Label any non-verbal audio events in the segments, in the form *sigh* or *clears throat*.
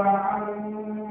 Gracias.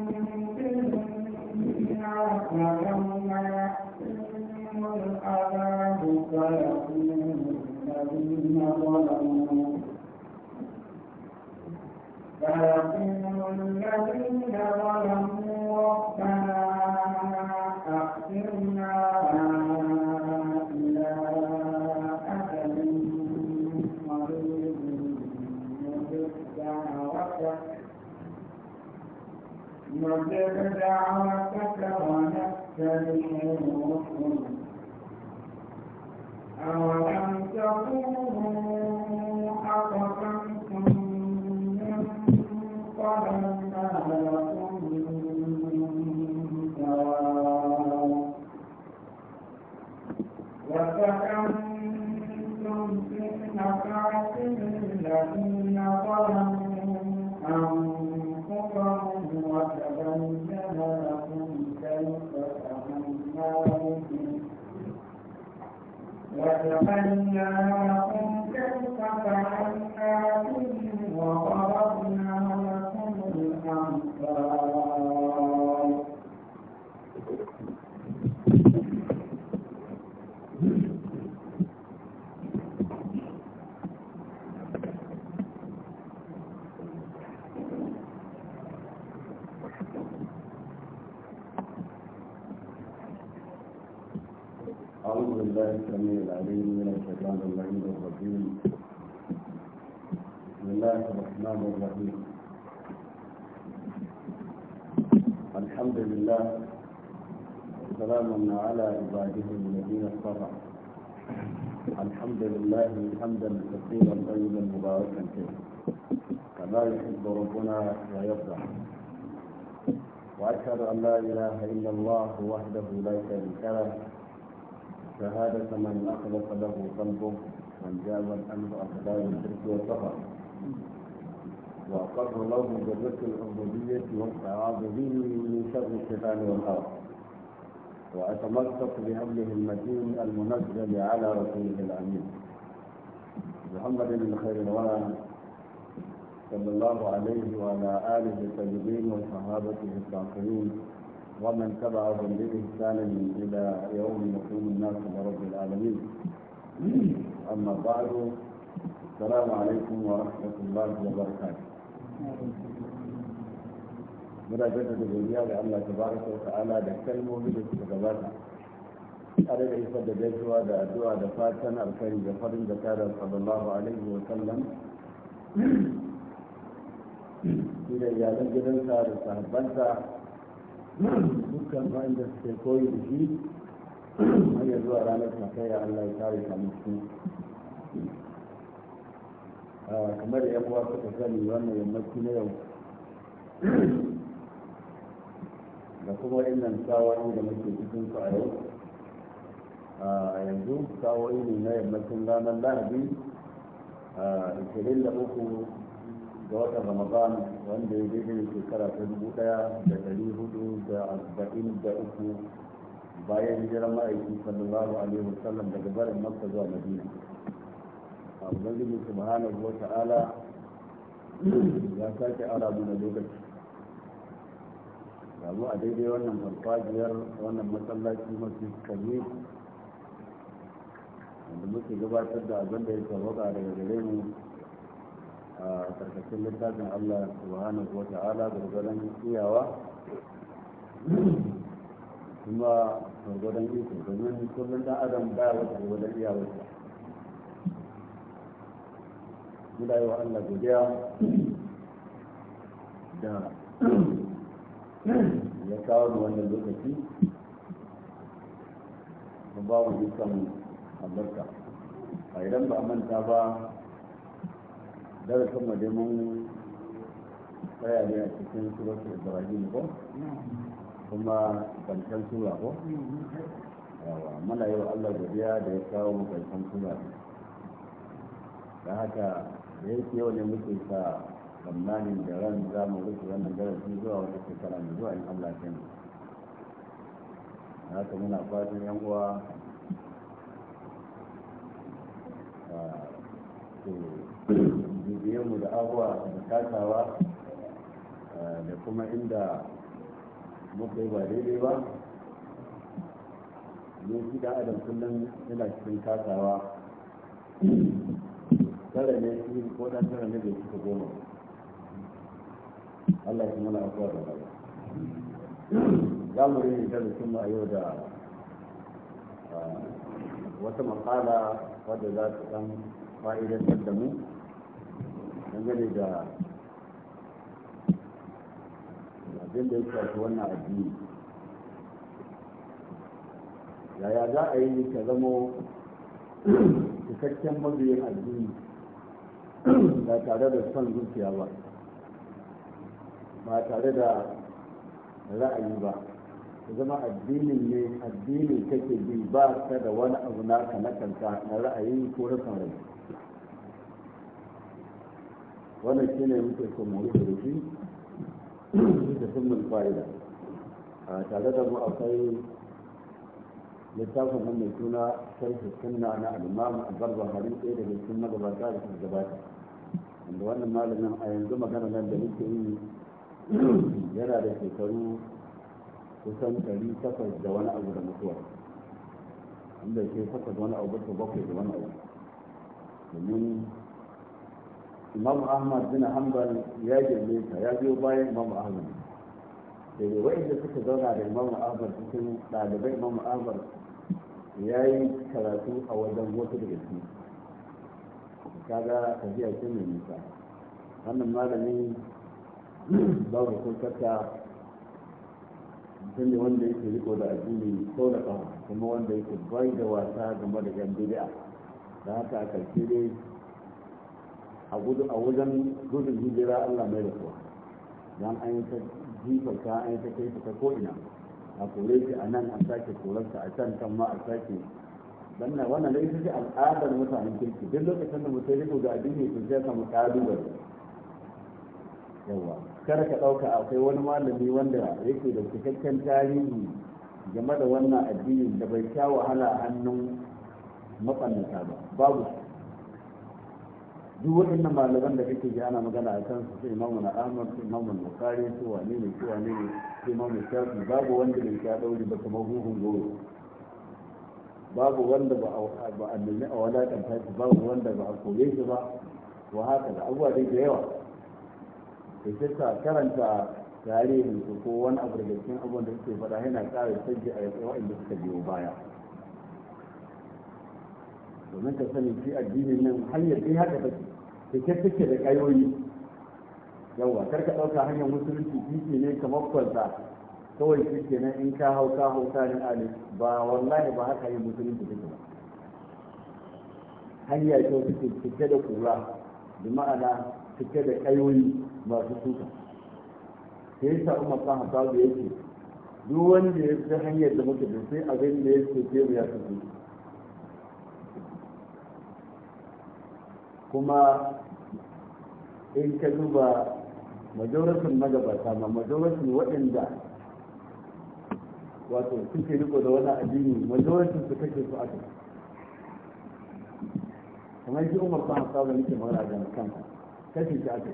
عليهم أولم تكونوا حمدا كثيرا طيبا مباركا فيه كما يحب ربنا ويرضى واشهد ان لا اله الا الله وحده لا شريك له شهادة من أخلص له قلبه من جاب الأمر أخلاق الشرك والسفر وأقر له بالرزق العبودية والتعاظ به من شر الشيطان والأرض وأتمسك بأمره المتين المنزل على رسوله الأمين محمد بن خير الوان صلى الله عليه وعلى آله الطيبين وصحابته الطاهرين ومن تبعهم بإحسان إلى يوم يقوم الناس برب العالمين أما بعد السلام عليكم ورحمة الله وبركاته muna jaddada godiya ga تبارك وتعالى wa مولد da kalmomi a daga isa da gaisuwa da addu'a da fatan alkhairi da farin da kada sallallahu alaihi wa sallam shi da iyalan gidansa da sahabbansa dukkan bayan da suke koyi da shi har ya zuwa ranar kakaya Allah ya kare ka musu kamar yan uwa suka sani wannan yammaci na yau da kuma innan sawa da muke cikin su a yau yanzu kawo ne na yammacin ranar lahadi 23 ga watan ramadan wanda ya daidai shekara ta dubu daya da dari hudu da arba'in da uku bayan hijirar ma'aiki sallallahu alaihi wasallam daga barin makka zuwa madina a ubangiji subhanahu wa ta'ala ya sake ara mana lokaci gamu a daidai wannan farfajiyar wannan masallaci masu kalli. da muke gabatar da abin da ya tabbata daga gare mu a karkashin littafin Allah subhanahu wa ta'ala gurgurdan iyawa kuma gurgurdan iko domin kullum da adam ba wata gurgurdan iyawa muna yi wa Allah godiya da ya kawo wannan lokaci ba mu dukkan halarta a idan ba a manta ba darasin kuma da mun tsaya ne a cikin surat ibrahim ko kuma karshen sura ko yawa yau yi allah godiya da ya kawo mu karshen sura da haka da yake yau ne muke sa tsammanin da ran za mu rufe wannan darasi zuwa wata shekara mai zuwa in allah ya haka muna fatan yan uwa mu da abuwa da kasawa eh, da kuma inda muka yi ba daidai ba ne shi da adam kullum yana cikin kasawa tara ne shi ko dan tara ne bai cika goma Allah ya mana abuwa da ba za mu yi da a yau da eh, wata makala wadda za ta dan fa'idantar da mu dangane da abin da ya shafi wannan addini yaya za a yi ka zamo cikakken mabiyin addini ba tare da son zuciya ba ba tare da ra'ayi ba ka zama addinin ne addini kake bi ba ka da wani abu na kanka na ra'ayi ko na wannan shi ne muke son mu rufe da shi da sun fa'ida a tare da mu akwai littafin mai suna sarki sunna na al'imam albarba harin ɗaya daga cikin magabata da suka gabata wanda wannan malamin a yanzu magana nan da muke yi yana da shekaru kusan ɗari takwas da wani abu da mutuwa inda ke takwas wani abu da bakwai da wani abu domin imam ahmad bin hanbal ya girme ta ya biyo bayan imam ahmad da ne da suka zauna da imam ahmad cikin ɗalibai imam ahmad ya yi karatu a wajen wata daga su kaga tafiya ce mai nisa wannan malamin babu ko karta mutum wanda yake riko da addini ko da kuma wanda yake bai da wasa game da yan bid'a da haka a karshe dai a gudun a wajen gudun hijira Allah mai da kuwa don an yi ta jifarta an yi ta kai ta ko'ina a kore shi a nan an sake korarsa a can kan ma a sake dan na wannan dai take al'adar mutanen kirki duk lokacin da mutum ya ga addini to sai samu kalubale yawa kada ka dauka akwai wani malami wanda yake da cikakken tarihi game da wannan addinin da bai sha wahala hannun matsannata ba babu duk waɗannan malaman da kake ji ana magana a kansu sai imamu na ahmad sai imamu na kare su wane ne su wane ne su imamu shafi babu wanda bai sha ɗauri ba kamar huhun goro babu wanda ba a nemi a wadatanta shi babu wanda ba a kore shi ba wa haka da abuwa dai da yawa da shi ta karanta tarihin su ko wani abu da cikin abubuwan da suke faɗa yana ƙara sanji a yaƙi waɗanda suka biyo baya domin ka sani shi addinin nan hanyar dai haka take take take da kayoyi yawa karka ɗauka hanyar musulunci ke ne kamar kwalta kawai shi kenan in ka hau ka hau ka ne ba wallahi ba haka yin musulunci take ba hanya ce take cike da kura da ma'ana cike da kayoyi masu tuka sai sa umar kan da yake duk wanda ya fi hanyar da muke da sai abin da ya ce ke ya tafi kuma in ka duba majoratin magabata ma majoratin waɗanda wato suke riko da wani addini majoratin su kake su aka kamar shi umar ta hasa da nake mara da kan kashe shi aka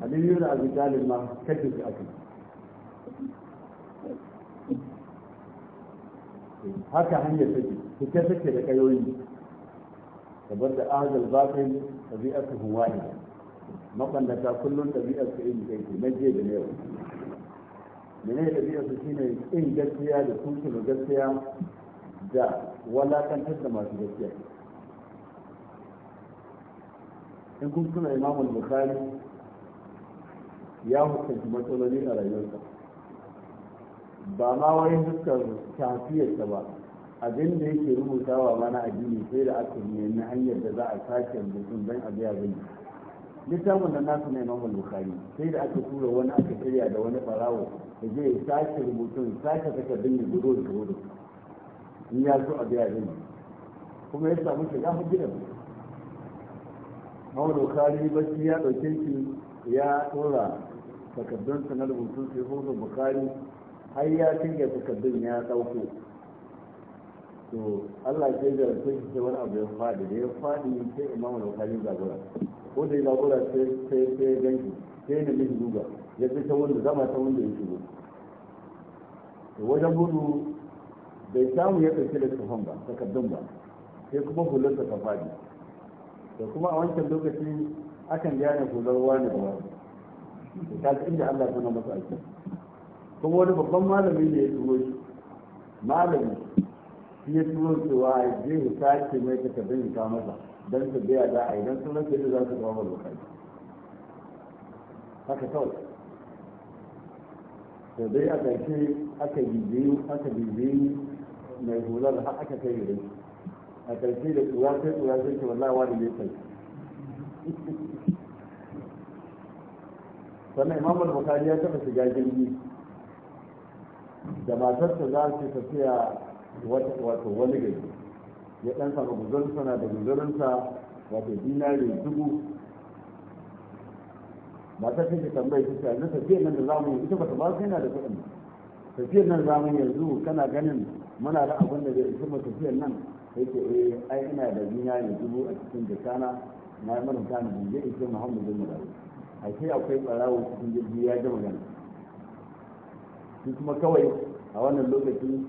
aliyu da abu jalil ma kashe shi aka haka hanyar take fita take da kayoyi kamar da ahadar bakai ɗabi'ar ta huwaye makwandata kullum ɗabi'ar ta iri ɗaya na je da yau mene ɗabi'ar su shine in gaskiya da tuntuna gaskiya da walakantar da masu gaskiya in kun suna imamul bukhari ya hukunci matsaloli a rayuwarsa ba ma wai fuskar tafiyarsa ba abin da yake rubutawa mana addini sai da aka na hanyar da za a sake mutum don a biya gani. littafin da nasu ne mamu bukari sai da aka tura wani aka shirya da wani farawo da zai sake rubutun sake takardun da gudu da gudu in ya so a biya gani. kuma ya samu shiga hujjar mamu bukari bashi ya ɗauke shi ya tura takardunsa na rubutun sai hoto bukari har ya shirya takardun ya ɗauko to Allah ke kai gara sun sai wani abu ya fadi da ya fadi sai imamu da wakali zagora ko da ya zagora sai sai sai ya ganki sai da nemi duba ya fi ta wanda zama ta wanda ya shigo to wajen gudu bai samu ya ɗauki tufan ba takardun ba sai kuma hularsa ta fadi da kuma a wancan lokaci akan gane hular wani da wani ta ci inda Allah ya sanar masa aiki kuma wani babban malami ne ya turo shi malami ya turo cewa a je ya sake mai ta ka bincika masa don su biya za a yi don sun rasa za su kawo lokaci haka kawai to dai a ƙarshe aka bibiyi aka bibiyi mai hular har aka kai gare a ƙarshe da tsura sai tsura sai ce wallahi wani ne kai sannan imam al-bukhari ya taɓa shiga jirgi da matarsa za su tafiya wato wani gari ya dan samu guzon sana da guzorinsa wato dinari dubu matar sai ta tambaye ta yanzu tafiyar nan da zamu ita ba ta ba sai na da kuɗin tafiyar nan zamu yanzu kana ganin muna da abin da zai isa tafiyar nan sai ke eh ai ina da dinari dubu a cikin jakana na yi maranta na bin zai isa muhammadu bin mulawi a sai akwai ɓarawo cikin jirgi ya ji magana shi kuma kawai a wannan lokaci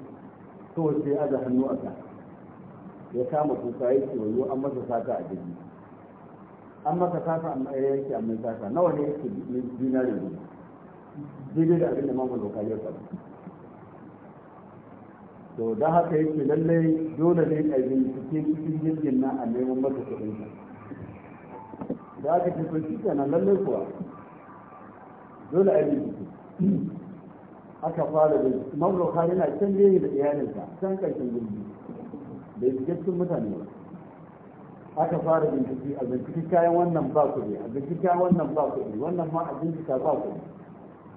kawai sai aza hannu a kan ya kama kuka ya ce wayo an masa sata a jirgi an masa sata amma ya yanke an mai sata nawa ne yake da gudu daidai da abin da mamun da ya faru to da haka yake lallai dole ne a yi cikin jirgin nan a neman masa kuɗin sa da aka ce to shi kenan lallai kuwa dole a yi bincike aka fara da imam bukhari na can gehe da iyalinsa can karshen gindi da ya mutane ba aka fara bincike a bincike kayan wannan ba ne a bincike kayan wannan ba ne. wannan ma a bincika ba ne.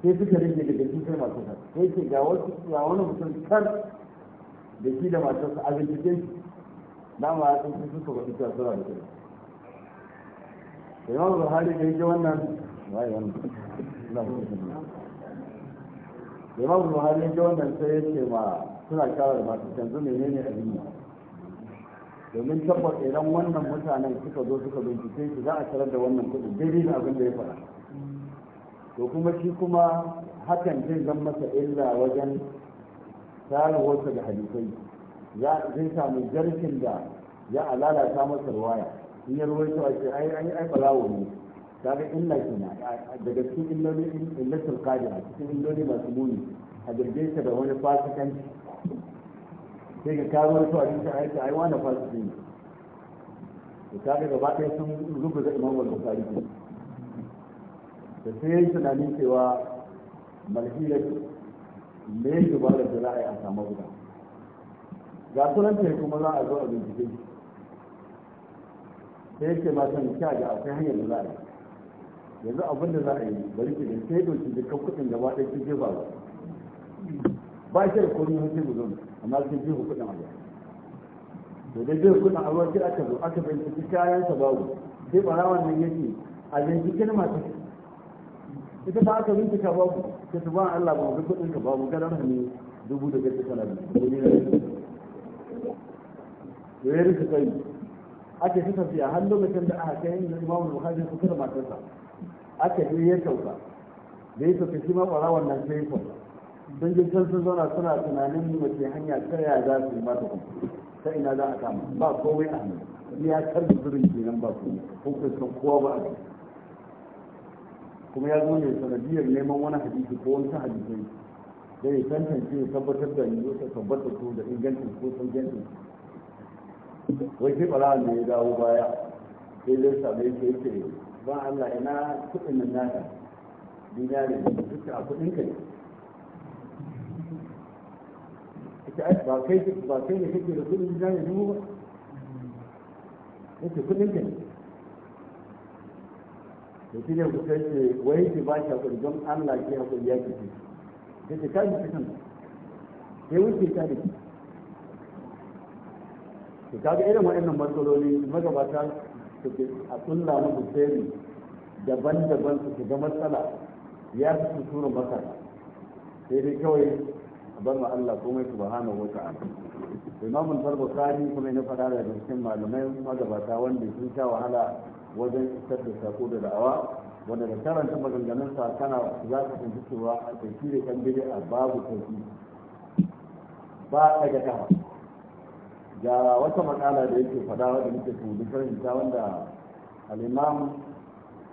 sai suka rage daga cikin masu sa sai ce ga wasu ya wani mutum kar da shi da matarsa a bincike shi ma ya sun suka ta kasuwa da kuɗi imam bukhari da yake wannan wai wannan imam buhari ga wannan sai ya ce ma suna kyawar masu yanzu menene abin yi domin tabbata idan wannan mutanen suka zo suka bincike shi za a tarar da wannan kudin daidai da abin da ya faɗa to kuma shi kuma hakan zai zan masa illa wajen wasu da hadisai zai samu jarkin da ya alalata masa ruwaya in ya ruwaito a ce ai ai ai balawo ne kaga illa kenan daga cikin illoli illatul qadira cikin illoli masu muni a jirge ka da wani fasikan sai ga kawo su a cikin aiki ai wani fasikan ne to kaga gaba ɗaya sun rubuta imam al-bukhari ne da sai yayin tunanin cewa malhira me yake ba da za a yi a samu guda ga sunan sai kuma za a zo a bincike sai yake ma san kya ga akwai hanyar da za a yi yanzu abin da za a yi bari ke da sai dokin da kan kudin gaba ɗaya ki jefa ba ba shi da komai sai ku zama amma cikin jefa kuɗin abuwa to da jefa kudin abuwa sai aka zo aka binciki kayan sa babu sai ɓarawan nan yake a binciki kini masu ita ta aka bincika babu sai ta ba Allah ba mu kudin ka babu garan hannu dubu da gaske kana da ya rika kai ake ta tafiya har da aka kai yin imamu Buhari su kada matarsa aka yi ya sauka da ya sauka shi ma ɓarawon nan sai sauka don jirgin sun zauna suna tunanin mace hanya ta yaya za su yi mata kuma ta ina za a kama ba kowai a ni ya karbi zurin kenan ba su hukuncin kowa ba a nan kuma ya zo ne sanadiyar neman wani hadisi ko wani hadisai da ya tantance ya tabbatar da ni ta tabbatar su da ingancin ko sun gancin wai sai ɓara ne ya dawo baya sai dai sabai sai ke ba Allah ina kuɗin nan naka dinari duka a kuɗin ka ne ita ai ba kai ba kai ne kake da kuɗin dinari dubu ba yake kuɗin ka ne da shi ne ku kai ce wai ki ba shi hakuri don Allah ki hakuri ya ki ce yake ka ji kisan sai wuce ka da ki to kaga irin waɗannan matsaloli magabata a kunna musu feri daban-daban su shiga matsala ya fi su tura masa sai dai kawai a bar ma Allah komai subhanahu wa ta'ala imam al-barbahari kuma na fada da cikin malamai magabata wanda sun sha wahala wajen isar da sako da da'awa wanda da karanta maganganun sa kana za ka tuntuwa a tafi da kan a babu tafi ba daga kafa ga wata makala da yake faɗawa wadda muke tudu fahimta wanda al'imam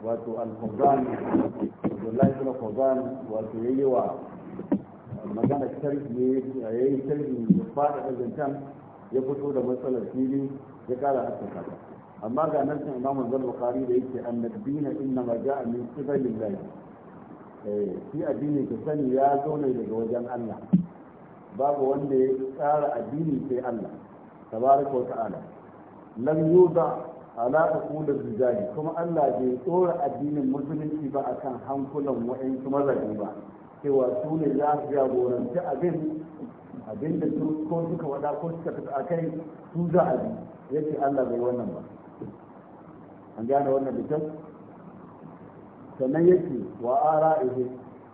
wato al-fawzan abdullahi ibn fawzan wato yayi wa magana sharhi yayi sharhi ya fada da zantan ya fito da matsalar fili ya kara haskaka amma ga nan sun imam al-bukhari da yake annabina inna ma ja'a min qibalillahi eh shi addini ka sani ya zo ne daga wajen Allah babu wanda ya tsara addini sai Allah tabaraka wa ta'ala lam yuda ala aqulul rijali kuma Allah bai tsora addinin musulunci ba akan hankulan wa'ansu mazaje ba cewa su ne za su jagoranci abin abin da a kai su za bi yace Allah bai wannan ba an gane wannan da kyau sannan yake wa ara'ihi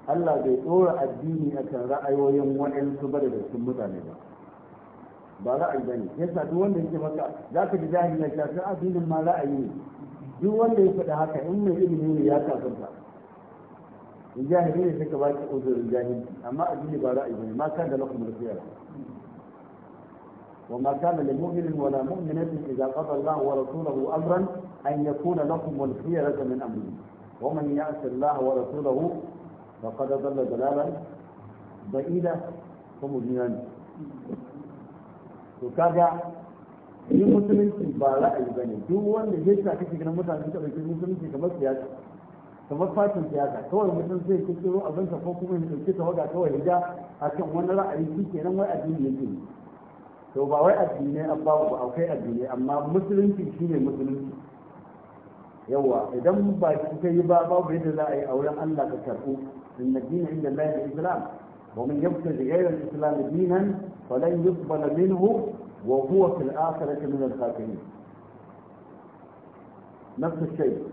Allah bai tsora addini akan ra'ayoyin wa'ansu ba da sun mutane ba ba ra'ayi bane yasa duk wanda yake maka zaka ji jahili ya ta addinin ma ra'ayi ne duk wanda ya faɗa haka in mai ilimi ne ya kafirta in jahili ne suka baki uzurin jahili amma addini ba ra'ayi bane ma kana lakum rafiya وما كان لمؤمن ولا مؤمنة إذا قضى الله ورسوله أمرا أن يكون لكم الخيرة من أمره ومن يعص الله ورسوله فقد ضل ضلالا بعيدا هم to kaga yi musulunci ba ra'ayi bane duk wanda zai sa kake ganin mutane suka dauki musulunci kamar siyasa kamar fatin siyasa kawai mutum zai kirkiro abinsa ko kuma ya dauki tawaga kawai a kan wani ra'ayi shi kenan wai addini yake ne to ba wai addinai an ba ba akwai addinai amma musulunci shine musulunci yawa idan ba shi kai ba babu yadda za a yi auren Allah ka karbu inna dina inda Allah ya islam ومن يبتغي غير الإسلام دينا فلن يقبل منه وهو في الآخرة من الخاسرين نفس الشيء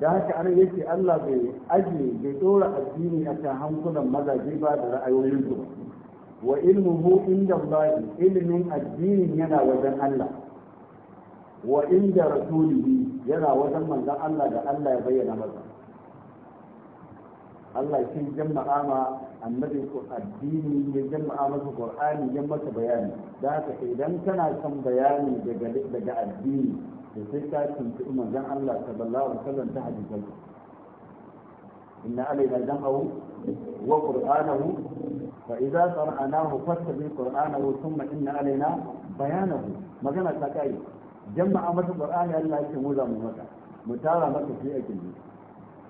ذاك أنا يجي الله بأجل بدور الدين أتاهم كل مدى جيبا رأي ويجب وإلمه عند الله علم الدين ينا وزن الله وعند رسوله ينا وزن من الله لألا يبين مدى الله يكون جمع annabi ko addini ya jama'a masa qur'ani ya masa bayani da haka idan kana son bayani daga daga addini da sai ka tuntuɓi manzon Allah sallallahu alaihi wasallam ta hadisan inna alaina jam'ahu wa qur'anahu fa idza qara'nahu fattabi qur'anahu thumma inna alaina bayanahu magana ta kai jama'a masa qur'ani Allah ya ce mu za mu maka mu tara maka shi ake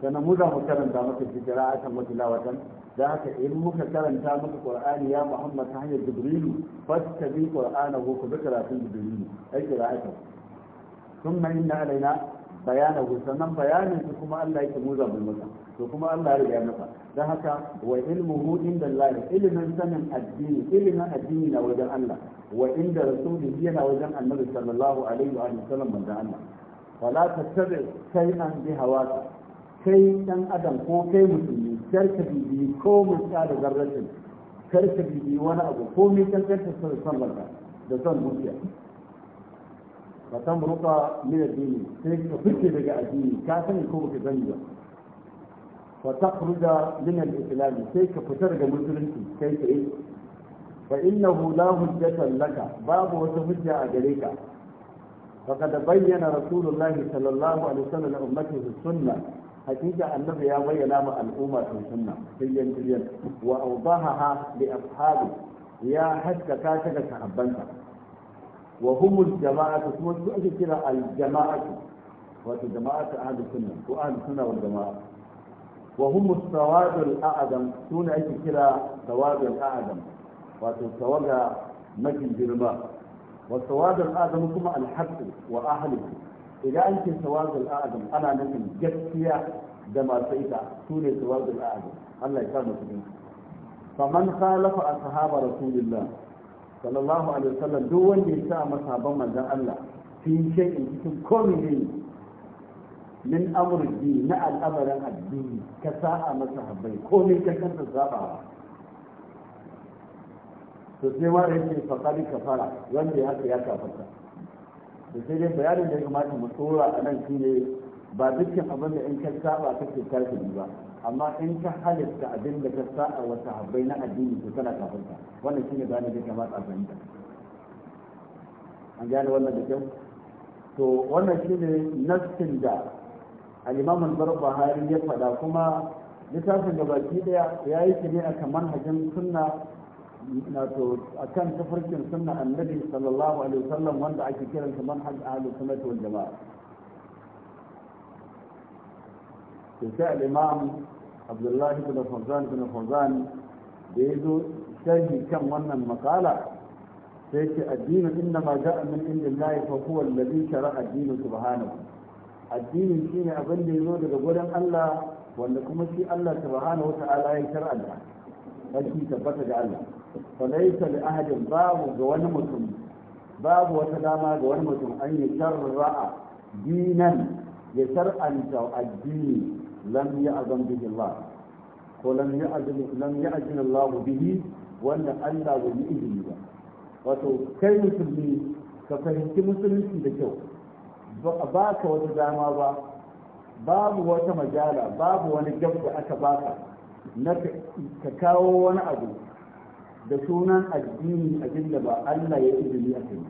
sannan mu za mu karanta maka shi qira'atan wa tilawatan da haka in muka karanta muka qur'ani ya muhammad ta hanyar jibrilu fattabi qur'anahu ku bi karatun jibrilu ai qira'ata thumma inna alaina bayanahu sannan bayanin su kuma Allah yake muza bil masa to kuma Allah ya riga masa dan haka wa ilmuhu inda Allah ilmin sanin addini ilmin addini na wajen Allah wa inda rasulihi yana wajen annabi sallallahu alaihi wa sallam manzo Allah fala tattabi shay'an bi hawaka kai dan adam ko kai musulmi تركب بي كوم سعر ذرته تركب بي وانا ابو كومي كان تركب سعر صلى ده صار مرتيا فتم رقى من الدين تركب فكي بقى الدين كاتن يكون في بنجا فتخرج من الإسلام تيك فترق مسلمتي كيف إيه فإنه لا هجة لك باب وتهجة أجريك فقد بين رسول الله صلى الله عليه وسلم أمته السنة hakika annabi ya bayyana ma al'umma ta sunna tiryan tiryan wa awdahaha li ashabi ya haskaka ta ga sahabbansa wa humul jama'atu kuma su ake kira al jama'atu wato jama'atu ahlus sunna ko ahlus sunna wal jama'a wa humus sawadul a'zam su kira tawaga girma wa kuma al wa idan an ce tawazul a'zam ana nufin gaskiya da masu ita su ne tawazul a'zam Allah ya sa mu cikin faman khalafa ashaba rasulillah sallallahu alaihi wasallam duk wanda ya sa masahaban manzon Allah fi shay'in cikin komai ne min amurji na al'amarin addini ka sa'a masa habbai komai ka kanta zabawa to sai ma yake fakari kafara wanda ya haka ya kafarta da sai dai bayanin da ya kamata mu tsora a nan shine ba dukkan abin da in ka saba kake kafiri ba amma in ka halitta abin da ka sa'a wa sahabbai na addini to kana kafinta wannan shine bayanin da ya kamata a fahimta an gane wannan da kyau to wannan shine nassin da al-imam al ya faɗa kuma littafin da baki daya ya yi shi ne a kan manhajin sunna wato akan tafarkin sunna annabi sallallahu alaihi wasallam wanda ake kiran kiransa manhaj ahlus sunnah wal jama'a to sai al-imam Abdullah ibn Fawzan ibn Fawzan da yazo sharhi kan wannan makala sai ce addini inna ma ja'a min indillahi fa huwa alladhi shara'a ad-din subhanahu addini shine abin da yazo daga gurin Allah wanda kuma shi Allah subhanahu wa ta'ala ya shar'a da tabbata ga Allah falaisa da ahadin babu ga wani mutum babu wata dama ga wani mutum an yi sharra'a dinan ya shar'anta addini lam ya azam bihi Allah ko lam ya azam Allah bihi wanda Allah bai yi izini ba wato kai musulmi ka fahimci musulunci da kyau ba ka wata dama ba babu wata majala babu wani gab da aka baka na ka kawo wani abu da sunan addini abin da ba Allah ya izini a kai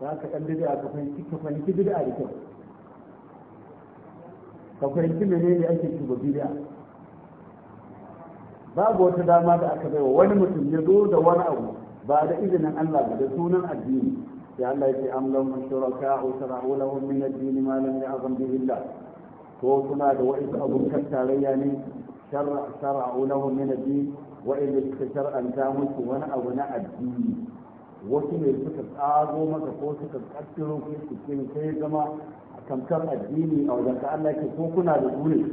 za ka ɗan bid'a ka fahimci ka fahimci bid'a da kyau ka fahimci menene ake shiga bid'a babu wata dama da aka baiwa wani mutum ya zo da wani abu ba da izinin Allah ba da sunan addini sai Allah ya ce am lahum shuraka'u shara'u lahum min ad-din ma lam ya'zam bihi Allah ko suna da wa'iz abun tarayya ne shara'u lahum min ad-din Wa'inda suka shar'anta musu wani abu na addini wasu ne suka tsago maka ko suka kaddaro ko cikin sai zama tamkar addini a wajen ka Allah ke ko kuna da dole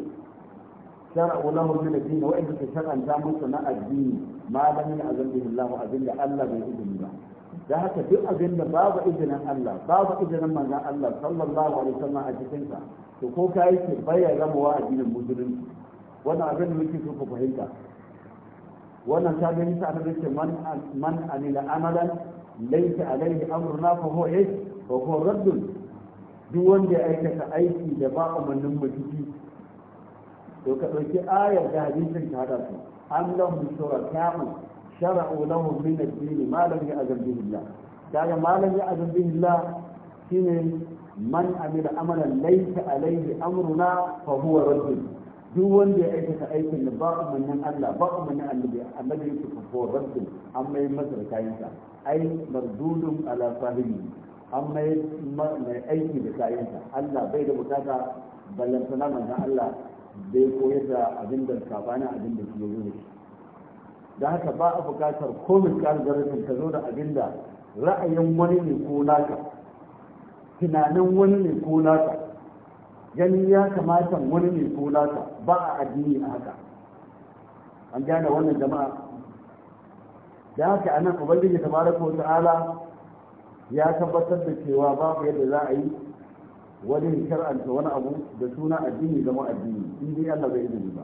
shar'u lahu min addini wa'inda suka shar'anta musu na addini ma lam yu'azzim Allah abinda Allah bai izini ba da haka duk abin da babu izinin Allah babu izinin manzon Allah sallallahu alaihi wasallam a cikin sa to ko kai ke bayyana wa addinin musulunci wannan abin da muke so ku fahimta wannan ta gani ta annabi ce man man amila amalan laysa alayhi amruna fa huwa eh fa huwa raddun duk wanda ya aikata aiki da ba umarnin mutuki to ka dauki ayar da hadisin ta hada su an lahum shuraka'u shara'u lahu min ad-din ma lam ya'zam bihi Allah kaga ma lam ya'zam bihi Allah shine man amila amalan laysa alayhi amruna fa huwa raddun duk wanda ya aikata aikin da ba umarnin Allah ba umarnin annabi annabi yake fafo rabbin an mai masa da kayansa ai mardudun ala sahibi an mai mai aiki da kayansa Allah bai da bukata sana manzon Allah bai koyar da abin da kafana abin da ke yi da haka ba a bukatar ko miskar garin ka zo da abin da ra'ayin wani ne ko naka tunanin wani ne ko naka gani ya kamata wani mai ko ba a addini a haka an gane wannan jama'a da haka anan ubangiji tabaraka wa ta'ala ya tabbatar da cewa babu yadda za a yi wani shar'anta wani abu da suna addini zama addini in dai Allah bai izini ba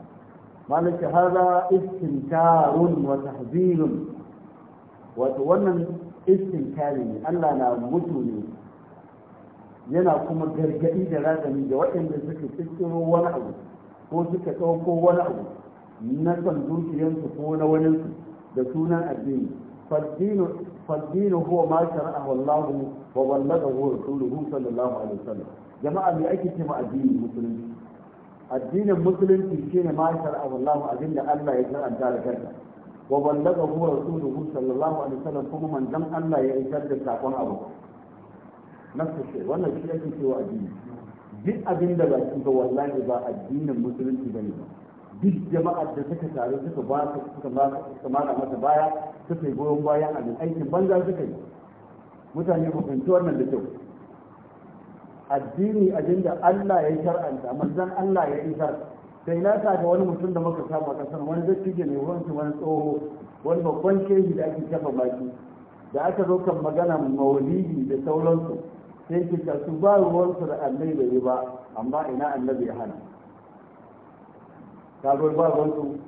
malik hada istinkarun wa tahzirun wato wannan istinkari ne Allah na mutu ne yana kuma gargadi da razani da waɗanda suka kirkiro wani abu ko suka ɗauko wani abu na son zuciyarsu ko na waninsu da sunan addini faddinu huwa ma shara'a wallahu wa wallaga huwa rasuluhu sallallahu alaihi wasallam jama'a me ake ce ma addini musulunci addinin musulunci shine ma shara'a wallahu abinda Allah ya karanta da kanka wa wallaga huwa rasuluhu sallallahu alaihi wasallam kuma manzon Allah ya isar da sakon abu na sosai wannan shi yake cewa addini duk abin da ba shi ba wallahi ba addinin musulunci bane ba duk jama'ar da suka taru suka ba su suka ba suka mara masa baya suka yi goyon bayan abin aikin banza suka yi mutane ku fahimci wannan da kyau addini abin da Allah ya shar'anta manzon Allah ya isar sai na ta ga wani mutum da muka samu a kasar wani dattijo ne wani wani tsoho wani babban shehi da ake kafa baki da aka zo kan magana maulidi da sauransu sai ki ta su ba ruwansu da annai da yi ba amma ina annabi ya hana kabar ba ruwansu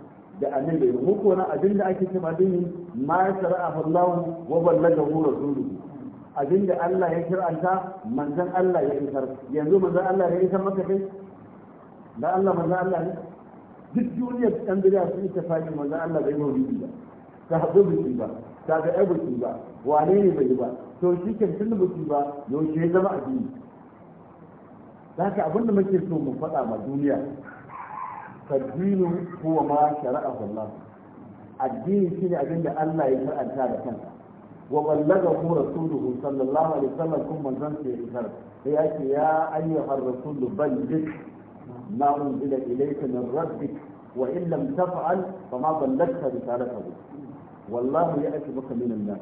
da annai da yi mu ko abin abinda ake ce ma dini ma shara'a Allah wa ballagahu abin abinda Allah ya kiranta manzon Allah ya isar yanzu manzon Allah ya isar maka kai da Allah manzon Allah ne duk duniyar ɗan bida su ita fadi manzon Allah bai yi ba ta haɗu biki ba ta ga ɗan ba wane ne bai yi ba to shi ke tun da ba yaushe ya zama addini haka abin da muke so mu faɗa ma duniya taddinu huwa ma shari'a Allah addini shine abin da Allah ya shar'anta da kansa wa ballagahu rasuluhu sallallahu alaihi wasallam kun manzon sa ya isar sai yake ya ayyuhar rasul balligh ma unzila ilayka min rabbik wa in lam taf'al fama ballagta risalatahu wallahu ya'ti bika min an-nas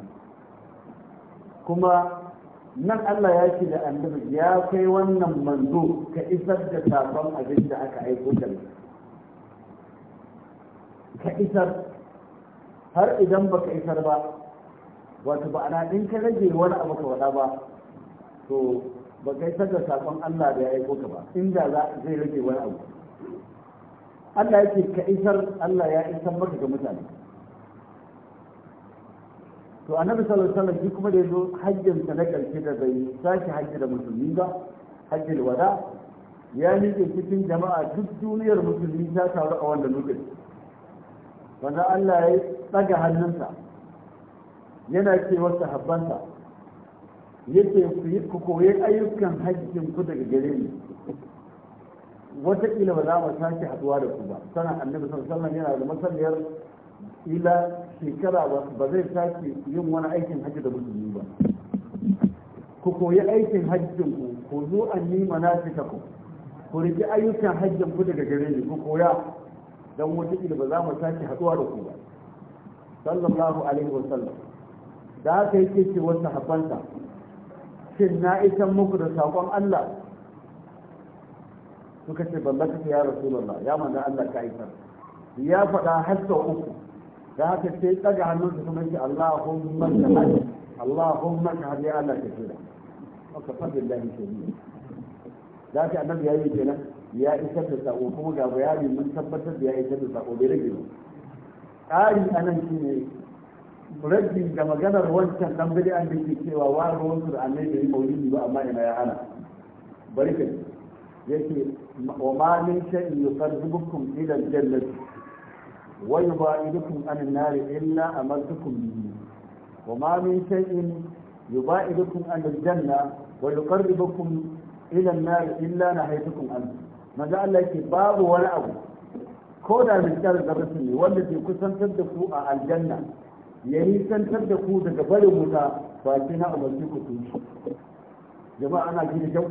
kuma nan Allah ya ce da annabi ya kai wannan manzo ka isar da sakon abin da aka aiko da ka isar har idan baka isar ba wato ba'ana in ka rage wani abu ka wada ba to ba ka isar da sakon Allah da ya aiko ka ba inda za zai rage wani abu Allah yake ka isar Allah ya isar maka ga mutane to annabi sallallahu alaihi wasallam shi kuma da yazo hajjin ta na karshe da bai sake hajji da musulmi ba hajjin wada ya nike cikin jama'a duk duniyar musulmi ta taru a wannan lokaci wanda Allah ya tsaga hannunsa yana ce wa sahabbansa yake ku yi ku koyi ayyukan hajjin ku daga gare ni wataƙila ba za mu sake haɗuwa da ku ba sana annabi sallallahu alaihi wasallam yana da masaniyar ila shekara ba zai sake yin wani aikin hajji da musulmi ba ku koyi aikin hajjin ku ku zo nima na manasika ku ku riki ayyukan hajjin ku daga gare ni ku koya dan wataƙila ba za mu sake haɗuwa da ku ba sallallahu alaihi wa sallam da haka yake ce wasu habanta shin na isan muku da saƙon Allah suka ce ballaka ya rasulullah ya manzo Allah ka aikar ya faɗa har sau uku da haka sai tsaga hannunsa kuma ce Allahumma shahad Allahumma shahad ya Allah ka kira maka fadin da yake yi da ka annabi yayi kenan ya isa da sako kuma ga bayani mun tabbatar da ya isa da sako bai rage ƙari anan shine rabbi da maganar wancan dan bid'an da ke cewa wa ruwan da annabi bai maulidi ba amma ina ya hana bari yake wa ma min shay'in yuqarribukum ila al-jannati ويباعدكم عن النار إلا أمرتكم به وما من شيء يباعدكم عن الجنة ويقربكم إلى النار إلا نهيتكم عنه ما جاء لك باب ولا أبو كودا من شر الرسل والذي كسن تدفوا على الجنة yayi santar da ku daga barin wuta ba kina umarci ku tushi jama'a ana gina jau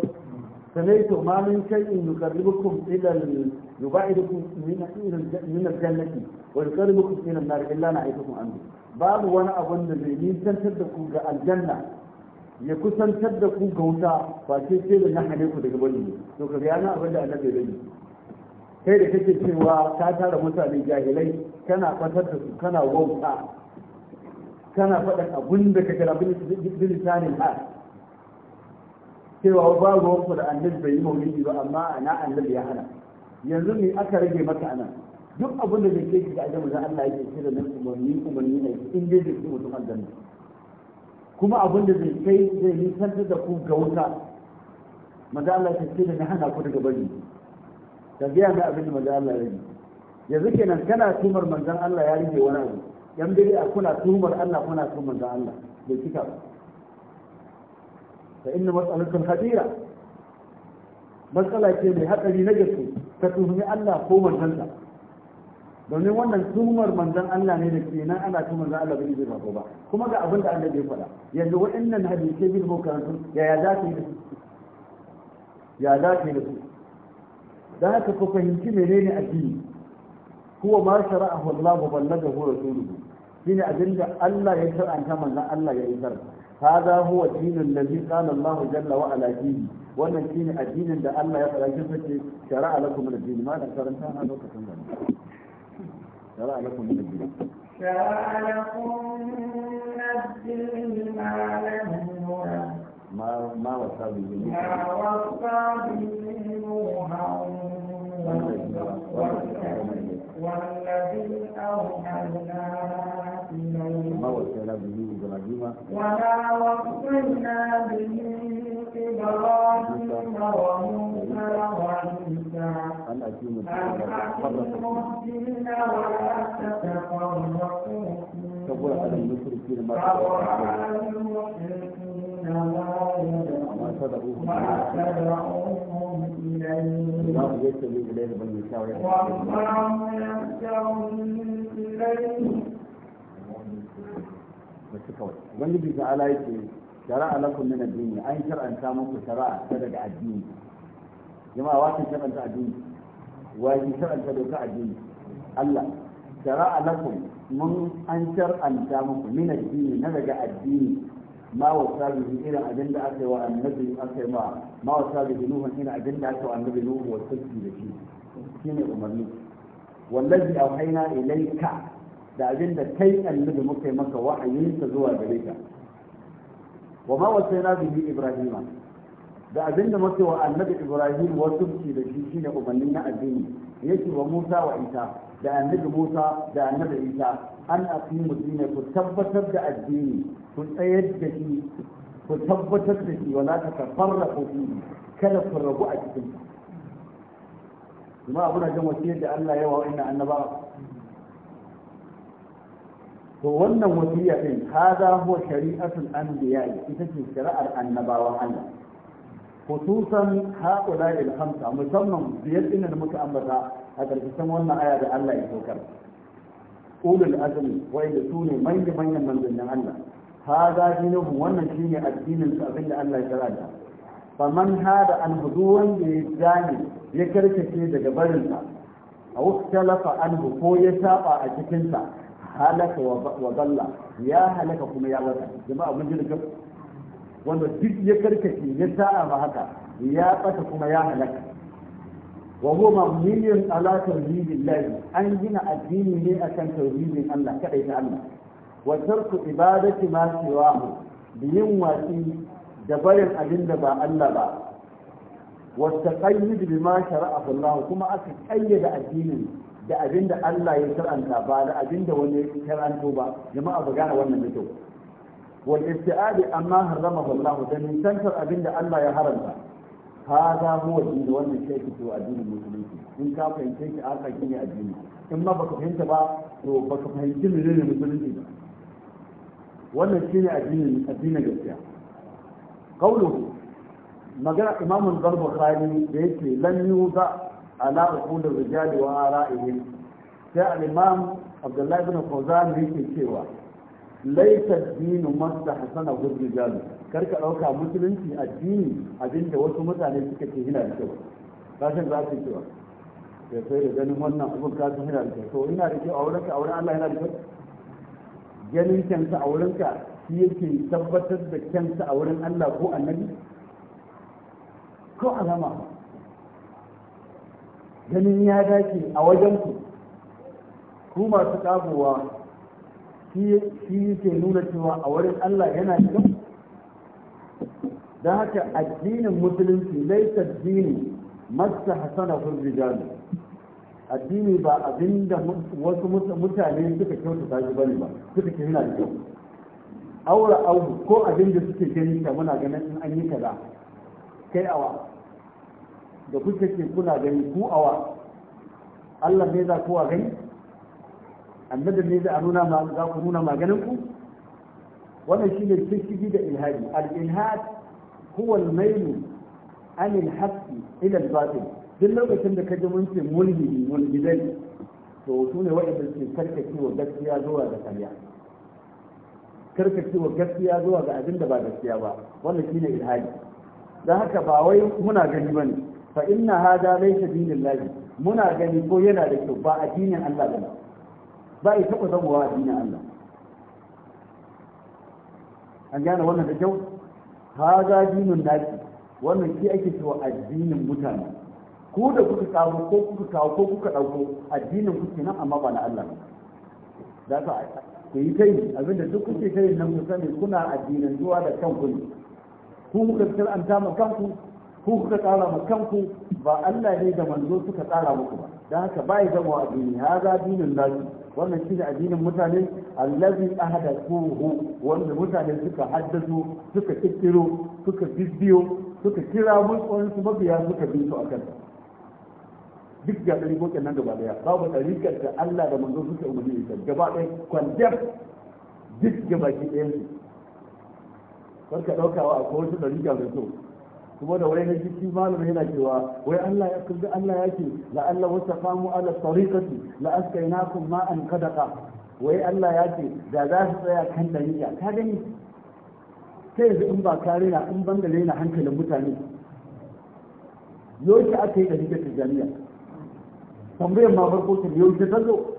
سمعت ما من شيء يقربكم إلى يبعدكم من الجنة ويقربكم إلى النار إلا نعيدكم عنه باب وانا أظن الرجيم تنتدكم الجنة ya kusantar da ku ga wuta ba ce sai da nan hane ku daga bane to ka yana abin da annabi ya yi kai da kake cewa ka tara mutane jahilai kana fatar da su kana wauta kana faɗin abin da kake da bilisanin cewa ba ruwan ku da annabi bai yi maulidi ba amma ana annabi ya hana yanzu ne aka rage maka anan duk abin da zai kai ga ajiyar da Allah yake kira nan umarni umarni ne in dai zai kuma tukan dan kuma abin da zai kai zai nisantar da ku ga wuta maza Allah ya ce da na hana ku daga bari ka gaya mai abin da maza Allah ya yi yanzu kenan kana tumar manzan Allah ya rige wani abu yan dai a kuna tumar Allah kuna tumar manzon Allah bai kika ba fa inna mas'alatun Hadira, matsala ce mai hatsari na gaske ka tuhumi Allah ko manzansa domin wannan tuhumar manzan Allah ne da ke nan ana tuhumar manzan Allah bai zai ba kuma ga abin da Allah bai faɗa yanzu waɗannan hadisai bil mukarrafun yaya za ka yi da su ya za ka yi da su da haka ku fahimci menene addini huwa ma shara'ahu Allah wa ballagahu rasuluhu shine abin da Allah ya shar'anta manzan Allah ya yi shar'a هذا هو الدين الذي قال الله جل وعلا فيه wannan shine addinin da Allah ya fara kin sace shara'a lakum min ad-din ma da karanta a lokacin da shara'a lakum min ad-din shara'a lakum min ad-din ma lahu ما ما وصى به ما وصى به نوحا والذي أوحينا وما وصينا به إبراهيم وما وصينا به إبراهيم وموسى وعيسى أن أقيموا الدين ولا تتفرقوا كبر على المشركين ما تدعوهم إليه وما يستوي إليه من يشاء ويستوي إليه ba su kawai ubangiji ta ala yake shara'a lakum min ad an shar'anta muku shara'a ta daga addini jama'a wa kin shar'anta addini wa kin shar'anta doka addini Allah shara'a lakum mun an shar'anta muku min ad na daga addini ما وصل به إلى أجندة أتى والنبي أتى ما ما وصل به نوح إلى أجندة أتى والنبي نوح والسلسلة به كين أمرني والذي أوحينا إليك da abin da kai annabi muka yi maka wa'ayinsa zuwa gare ka wa ma wasaina bihi ibrahima da abin da muka wa annabi ibrahim wasu ci da shi shine ubannin na addini yake wa musa wa isa da annabi musa da annabi isa an aqimu dina ku tabbatar da addini ku tsayar da shi ku tabbatar da shi wala ta tafarraqu fihi kada ku rabu a cikin kuma abuna jan wasiyar da Allah yawa wa inna annaba to wannan wasiya din hada huwa shari'atul anbiya ita ce shari'ar annabawan Allah khususan haula il khamsa musamman biyar din da muka ambata a karkashin wannan aya da Allah ya saukar ulul azmi wai da sune ne manyan manyan manzannin Allah hada dinuhu wannan shine addinin su abin da Allah ya karanta faman hada an huduwan da ya gane ya karkace daga barinsa a wasu talafa an ko ya saba a cikinsa halaka wa dalla ya halaka kuma ya wata jama'a mun ji da wanda duk ya karkace ya sa'a ma haka ya bata kuma ya halaka wa huwa mabniyun ala tawhidillah an gina addini ne akan tauhidin Allah kadai ta Allah wa tarku ibadati ma siwahu biyin watsi da barin abin da ba Allah ba wa taqayyud bima shara'ahu Allah kuma aka kayyada addinin da abin da Allah ya karanta ba da abin da wani ya karanto ba jama'a ba gane wannan da kyau wal isti'adi amma harramahu Allah da nisantar abin da Allah ya haramta hada huwa din wannan shi ke to addinin musulunci in ka fahimce shi aka gine addini in ma baka fahimta ba to baka fahimci menene musulunci ba wannan shine addinin addinin gaskiya qawluhu magana imamun zarbu khali da yake lan yuza ala uqul ar-rijal wa ara'ihim sai al-imam Abdullah ibn Fawzan yake cewa laisa dinu masta hasana gudu jalu karka ɗauka musulunci addini abinda wasu mutane suka ce da kyau kashin za su cewa da sai da ganin wannan abin kasu yana da kyau to ina da kyau a wurinka a wurin Allah yana da kyau ganin kyansa a wurinka shi yake tabbatar da a wurin Allah ko ko ganin ya dace a wajen ku ku masu kafowa shi yake nuna cewa a wurin Allah yana cikin don haka addinin musulunci laisa dini masta hasana hurrijal addini ba abin da wasu mutane suka kyautata shi bane ba suka ke yana da kyau aura auru ko abin da suke gani ta muna ganin in an yi kaza kai awa da kuke ce kuna gani ku awa Allah ne za ku a gani annabi ne za a nuna ma za ku nuna maganin ku wannan shine shishigi da ilhadi al-ilhad huwa al-mailu an al-haqq ila al-batil duk lokacin da kaji mun ce mulhidi mulhidai to su ne waɗanda suke karkace wa gaskiya zuwa ga karya karkace wa gaskiya zuwa ga abin da ba gaskiya ba wannan shine ilhadi Dan haka ba wai muna gani bane fa inna hada laysa dinillah muna gani ko yana da kyau ba addinin Allah bane ba ya taɓa wa addinin Allah an gane wannan da kyau hada dinin naki wannan shi ake cewa addinin mutane ko da kuka kawo ko kuka kawo ko kuka ɗauko addinin kuke nan amma ba na Allah ba da ka ku yi kai abinda duk kuke kai nan ku sani kuna addinin zuwa da kanku ne ku kuka an ma kanku ku kuka tsara ma kanku ba Allah ne da manzo suka tsara muku ba da haka ya zama addini haza dinin nan wannan shi ne addinin mutane allazi kuhu wanda mutane suka haddazo suka kikkiro suka bibbiyo suka kira mun su mabiya suka bi su akan duk ga boke nan gaba ɗaya babu tarikar da Allah da manzo suka umarni ita gaba ɗaya kwandam duk gaba ki ɗayan su barka ka ɗaukawa a kowace ɗariƙa mai so saboda wai na jiki malam yana cewa wai Allah ya kulli Allah ya ce la Allah wasaqamu ala tariqati la askainakum ma'an kadaka wai Allah ya ce da za su tsaya kan dariya ka gani sai yanzu in ba Kare na, in ban da hankalin mutane yau aka yi da nike tijaniya tambayar ma farko ta yau ta zo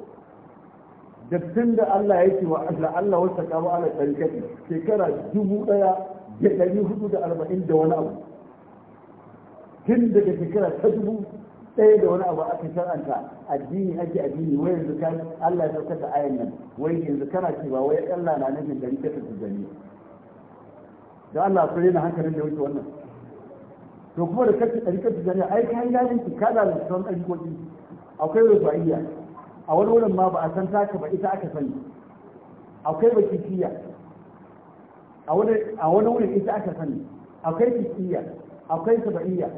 da tun da Allah ya ce wa Allah Allah wasa kawo ala tarikati shekara dubu daya da ɗari hudu da arba'in da wani abu tun daga shekara ta dubu ɗaya da wani abu aka shar'anta addini ake addini wai yanzu kan Allah ya saukar da ayan nan wai yanzu kana cewa wai Allah na nufin da ka tafi gari da Allah akwai yana hankalin da wuce wannan to kuma da kace ɗari ka tafi gari ai kai yayin ki kada da son ɗarikoki akwai rufa'iyya a wani wurin ma ba a san taka ba ita aka sani akwai bakitiya a wani wurin ita aka sani akwai kitiya akwai saba'iyya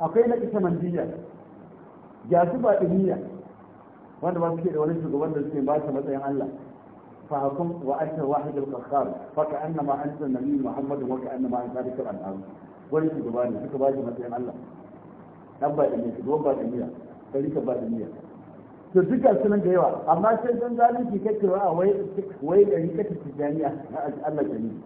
akwai na ita mandiya ga su ba ɗiniya wanda ba suke da wani shugaban da suke ba su matsayin Allah fa hakum wa anta wahid al-qassar fa ka annama anta nabi muhammad wa ka annama anta ذلك al-anam wani shugaba ne suka ba shi matsayin Allah dan ba ɗiniya shugaban ba ɗiniya sai ka ba ɗiniya to duka sunan da yawa amma sai san zalunci kake wa wai wai dari kake tijaniya Allah gani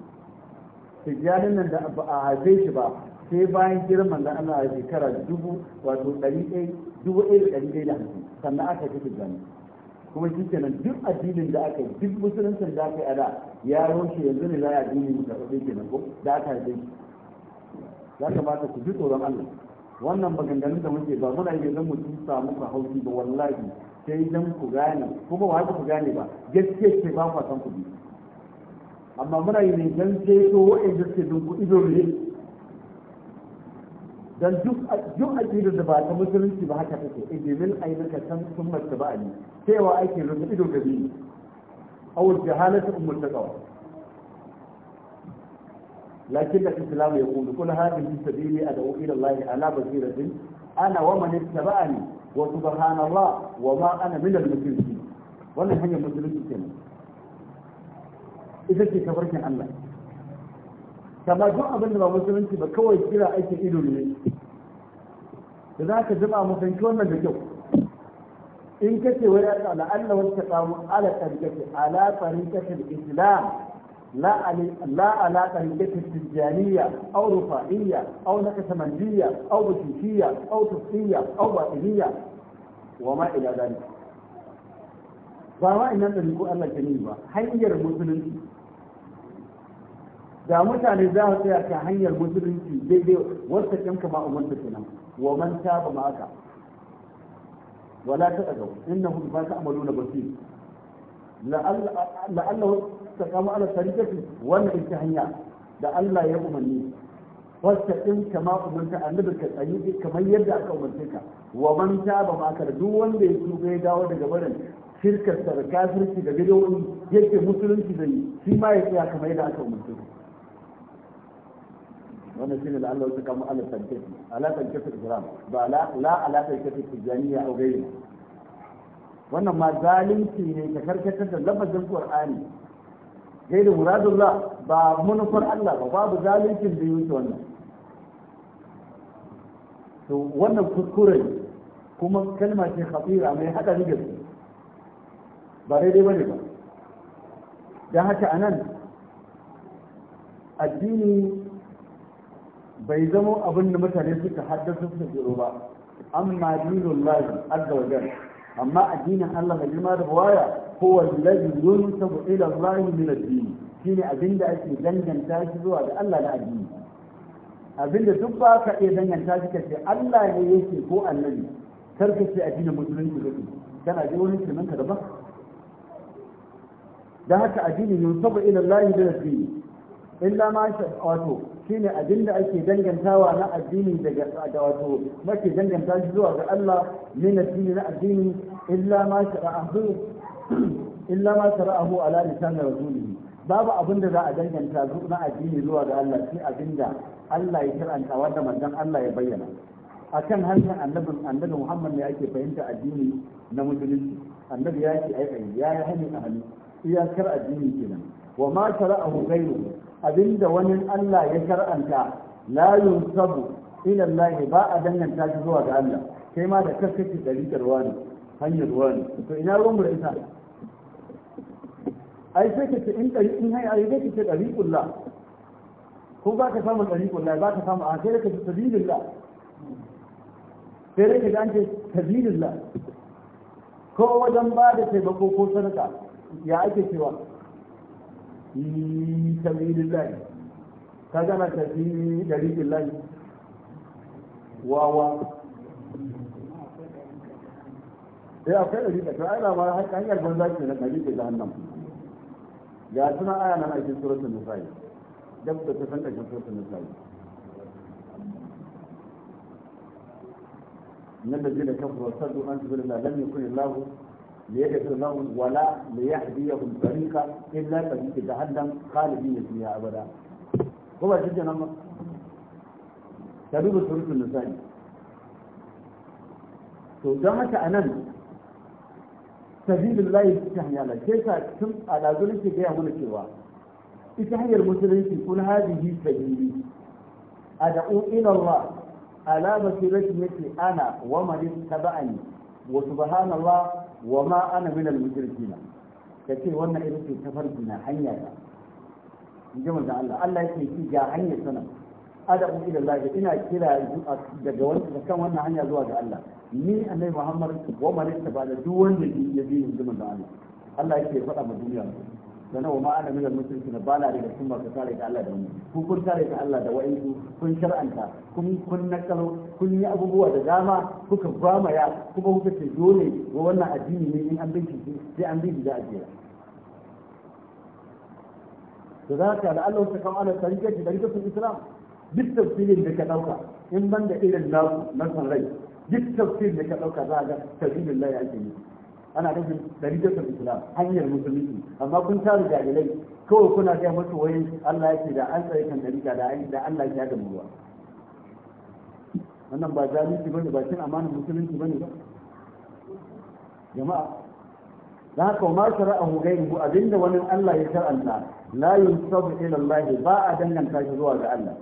tijanin nan da ba a haife shi ba sai bayan girman da ana shekara dubu wato ɗari ɗaya dubu ɗaya da ɗari ɗaya da hamsin sannan aka fi gani. kuma shi kenan duk addinin da aka yi duk musuluncin da aka yi a da ya roshe yanzu ne za a addini mu karɓi kenan ko da aka yi ya kamata ku ji tsoron Allah wannan maganganun da muke ba muna yi zan mutum samu ka haushi ba wallahi sai dan ku gane kuma ba ku gane ba gaskiya ce ba ku san ku bi amma muna yi ne dan sai to da suke dun ku ido ne Dan duk aƙidar da ba ta musulunci ba haka take ijimin eh, ainihin san sun mace ba ne cewa aikin rufe ido gabi ne awul jahalata ummul taqwa lakin da islam ya kuma kula hadin sabili ad'u ila allah ala basiratin ana wa man ittaba'ani wa subhanallah wa ma ana min al-musyrikin wannan hanyar musulunci kenan ita ce tabarkin Allah kama duk abin da ba musulunci ba kawai kira aikin ido ne da za ka jima mu fahimci wannan da kyau in ka ce wai Allah la'alla wata kamu ala tarikati ala tarikati islam la ali la ala tarikati tijaniya aw rufa'iyya aw nakasabandiyya aw bukifiyya aw tufiyya aw batiniyya wa ma ila dhalik ba wa inna ko Allah kenan ba hanyar musulunci da mutane za su tsaya ta hanyar musulunci daidai wasu kan kama umar da kenan wa man taba ma aka wala ta daga innahu ba ta amalu na basir la'allahu ta kama ala sarikati wannan ita hanya da Allah ya umarni wasu kan kama umarta annabi ka tsayi kamar yadda aka umarce ka wa man taba ma aka duk wanda ya tuba ya dawo daga barin shirkar sa da kafirci da gidan yake musulunci da shi ma ya tsaya kamar yadda aka umarce ka wannan shine da Allah ya kama mu ala tankifi ala islam ba la la ala tankifi tijaniya au gairi wannan ma zalunci ne ka karkatar da lafazin qur'ani gairi muradullah ba munufar Allah ba babu zaluncin da yake wannan to wannan kuskure kuma kalma ce khatira mai hadari da su ba daidai bane ba dan haka anan addini bai zama abin da mutane suka haddasa suka jiro ba amma dinin lahi azza wa jal amma addinin Allah mai girma da waya huwa alladhi yunsabu ila Allah min ad-din shine abinda da ake danganta shi zuwa ga Allah na addini Abinda duk ba ka iya danganta shi kace Allah ne yake ko annabi kar ka ce addinin musulunci kake kana je wani kinan ka daban dan haka addini yunsabu ila Allah min ad-din illa ma wato shine abin da ake dangantawa na addini daga ga wato mace danganta shi zuwa ga Allah min addini na addini illa ma shara'ahu *clears throat* illa ma shara'ahu ala lisan rasulihi babu abin da za a danganta na addini zuwa ga Allah shi abin da Allah ya karanta wanda manzon Allah ya bayyana akan hannun annabi annabi Muhammad ne ake fahimta addini na musulunci annabi ya ce ai ya yi hani a hannu iyakar addini kenan wa ma shara'ahu ghayru abinda wani Allah ya shar'anta la yunsabu ila Allah ba a danganta shi zuwa ga Allah sai ma da kaskace dariƙar wani hanyar wani to ina ruwan mu isa ai sai ka in dari in hay ai sai ka ce dariƙullah ko ba ka samu dariƙullah ba ka samu a sai ka ce sabilillah sai dai ka ce sabilillah ko wajen ba da taimako ko sadaka ya ake cewa fi ka gana ta fi dariqillahi wawa sai akwai dariqa to ai ma hanyar banza ce na dariqa jahannam ga suna aya nan a cikin suratul dab da ta san cikin suratul nisa'i من الذين كفروا وصدوا عن سبيل ليغفر لهم ولا ليهديهم طريقا الا طريق جهنم خالدين فيها ابدا هو جدا نمر تدور سورة النساء to don haka a nan sabilin layi ta hanya la ke sa tun a dazurin ke gaya mana cewa ita hanyar musulunci kun hadihi sabili a da'u ila Allah ala basirati yake ana wa man tabani wa subhanallah wa ma ana min al Ka ce wannan ita ce tafarki na hanya ta in ji manzon Allah Allah yake ki ga hanyar sanan adabu ila Allah ina kira daga wannan kan wannan hanya zuwa ga Allah ni annabi Muhammad wa man ittaba da duk wanda ya bi in ji manzon Allah Allah yake faɗa ma duniya sannan wa ma'ana minar musulunci na bala daga sun masu tare da Allah da mu kun kun tare da Allah da wa'insu kun shar'anta kun kun nakalo kun yi abubuwa da dama kuka gwamaya kuma kuka ce dole wa wannan addini ne in an bincike sai an bi da ajiya da za ka da Allah ta kama da tarike da tarike sun islam duk tafsirin da ka dauka in ban da irin nasu na san rai duk tafsirin da ka dauka za ga tafsirin Allah ya ake yi ana nufin dariƙatul islam hanyar musulunci amma kun tara jahilai kawai kuna ga musu wai Allah yake da an tsaye kan dariƙa da an da Allah ya gamu ruwa wannan ba zalunci bane ba cin amanar musulunci bane ba jama'a da haka ma shara'ahu ghayruhu abinda wani Allah ya shar'anta la yunsabu ila Allah ba a danganta shi zuwa ga Allah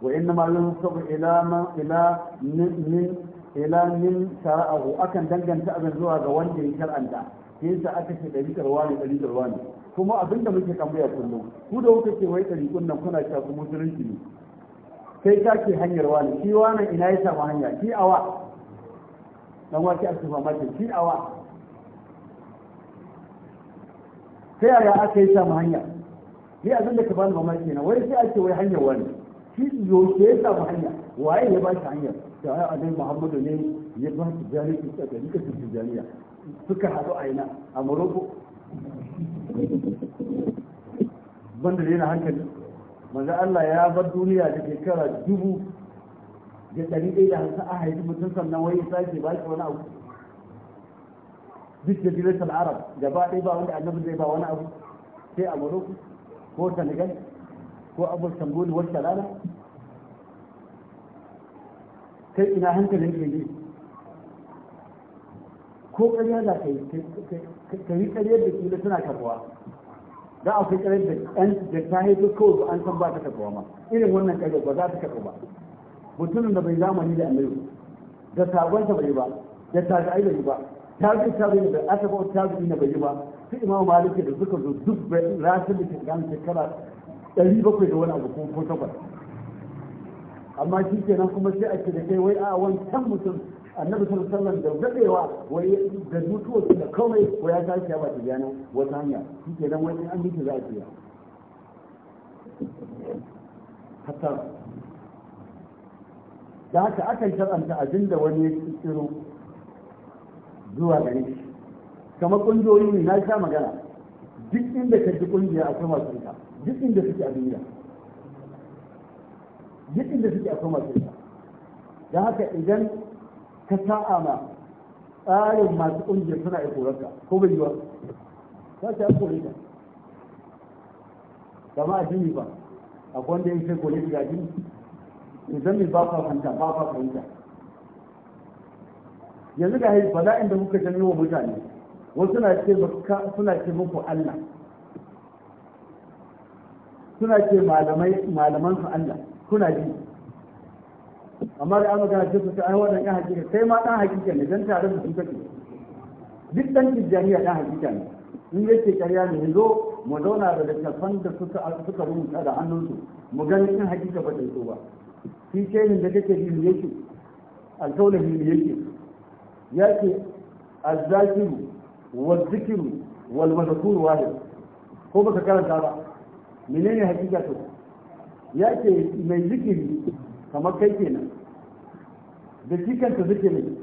wa inna ma yunsabu ila man ila min ilanin min shara'ahu akan danganta abin zuwa ga wanda ya shar'anta yasa aka ce ɗari ƙarwa ne ɗari ƙarwa ne kuma abin da muke tambaya kullum ku da kuka ce wai dari kunnan kuna shafi musulunci ne kai ka ke hanyar wani shi wani ina ya samu hanya shi awa dan wake a supermarket shi awa sai yaya aka yi samu hanya ni abin da ka bani mamaki na wai sai ake wai hanyar wani shi yaushe ya samu hanya waye ya ba shi hanyar to ai annabi muhammadu ne ya ba ki jari ki ta rika ki jariya suka haɗu a ina a morocco banda da na hankali manzo Allah ya bar duniya da shekara dubu da ɗari ɗaya da hansa a haifi mutum sannan wai ya sake ba shi wani abu duk da jiratul arab gaba ɗaya ba wanda annabi zai ba wani abu sai a morocco ko senegal ko abu sambuli wata rana kai ina hankalin ke ne ko ƙarya za ka yi ka yi ƙaryar da kila tana kafuwa za a fi ƙaryar da ƴan da ta haifar kawai ba an san ba ta kafuwa ma irin wannan ƙaryar ba za ta kafu ba mutumin da bai zamani da annabi da sabonsa bai ba da tabi'ai bai ba tabi'i tabi'i da asaba tabi'i na bai ba su imam maliki da suka zo duk rasul da kan shekara ɗari bakwai da wani abu ko takwas amma shi nan kuma sai a ce da kai wai a wancan mutum annabi sallallahu alaihi wasallam da dadewa wai da mutuwa da kawai ko ya tashi ya bata gana wata hanya shi nan wai an miki za a ce hatta da haka akan shar'anta abin da wani ya tsiro zuwa gare shi kamar kungiyoyi ne na sha magana duk inda ka ji kungiya akwai masu ita duk inda suke a duniya duk inda suke a masu ita da haka idan ka sa'a ma tsarin masu ƙungiyar suna iya korarka ko bai yiwa ta ce an kore ta kama a jini ba a wanda ya ce kore ga jini idan mai ba ka fahimta ba ka fahimta yanzu ga haifa bala'in inda muka janyo wa mutane wasu suna ce muku Allah suna ce malaman su Allah kuna ji amma da amma gana jinsu sai wannan ɗan hakika sai ma ɗan hakika ne don tare da sun kake duk ɗan tijjaniya ɗan hakika ne in yake ƙarya ne zo mu zauna da littattafan da suka suka rubuta da hannunsu mu gani in hakika ba ta so ba shi shehin da kake bi mu yake alkaulahi mu yake yake azzakiru wa zikiru wal mazkuru wahid ko baka karanta ba menene hakika to ya ke mai zikiri kamar kai kenan da shi kanta zikiri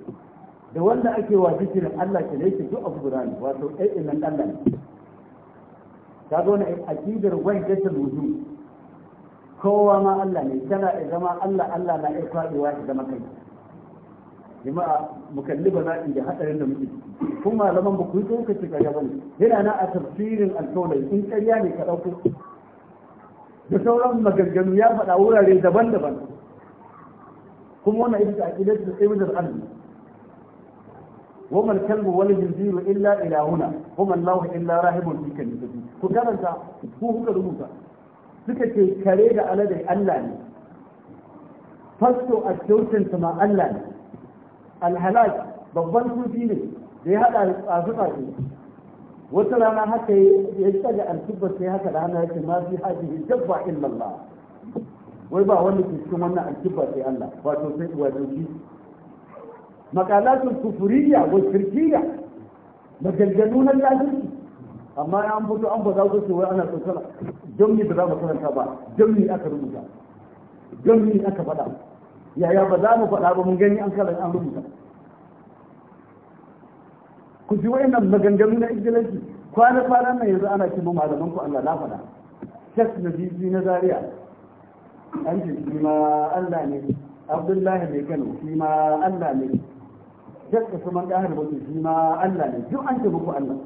da wanda ake wa zikirin Allah ke yake duk abu guda ne wato ɗaiɗin nan Allah ne ta zo na aƙidar wanda ta luju kowa ma Allah ne tana ya zama Allah Allah na ya kwaɗewa ya zama kai jama'a mu kalli ba in da hatsarin da muke kuma malaman ba ku yi tsokaci ga ba yana na a tafsirin alkawalai in ƙarya ne ka ɗauko da sauran maganganu ya faɗa wurare daban-daban kuma wannan ita aqidar da sai wajen arzi وما الكلب ولا الخنزير الا الهنا وما الله الا راهب في كنيسته ku karanta ko kuka rubuta suka ce kare da alade Allah ne fasto a kyautanta ma Allah ne alhalaj babban sufi ne da ya haɗa a wata rana haka ya tsaga alkubbar sai haka da hannu yake ma fi hajji dabba illallah wai ba wani ke cikin wannan alkubbar sai Allah wato sai wato shi maqalatul kufuriyya wa shirkiyya maganganu na lafiyarki amma an fito an ba za ku ce wai ana tsokala don me ba za mu karanta ba don aka rubuta don aka faɗa yaya ba za mu faɗa ba mun gani an kalan an rubuta ku ji nan maganganu na ingilanci kwana kwanan nan yanzu ana cin malaman ku Allah na faɗa shek na bibi na zaria an ce shi ma Allah ne abdullahi mai kano shi ma Allah ne shek da kuma ɗahar bautu shi ma Allah ne duk an ce muku Allah